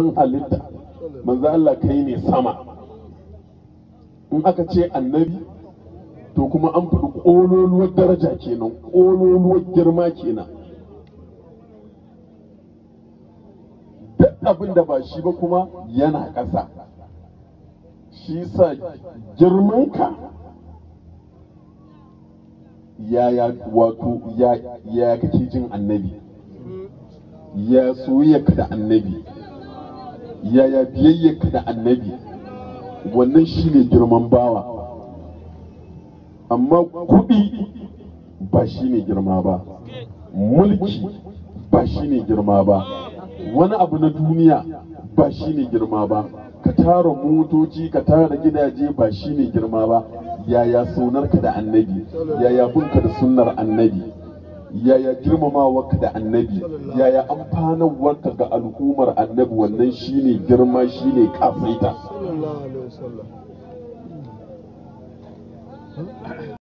sabbin halitta manzo Allah kai ne sama in aka ce annabi to kuma an faɗi ƙololuwar daraja kenan ƙololuwar girma kenan duk abin da ba shi ba kuma yana ƙasa shi sa girmanka ya wato ya kake jin annabi ya soyayya da annabi yaya biyayyarka da annabi wannan shi ne girman bawa amma kuɗi ba shi ne girma ba mulki ba shi ne girma ba wani abu na duniya ba shi ne girma ba ka tara motoci ka tara gidaje ba shi ne girma ba yaya saunarka da annabi yaya bunka da sunnar annabi yaya ka da annabi yaya amfanarwarka ga alhumar annabi wannan shine girma shine kafaita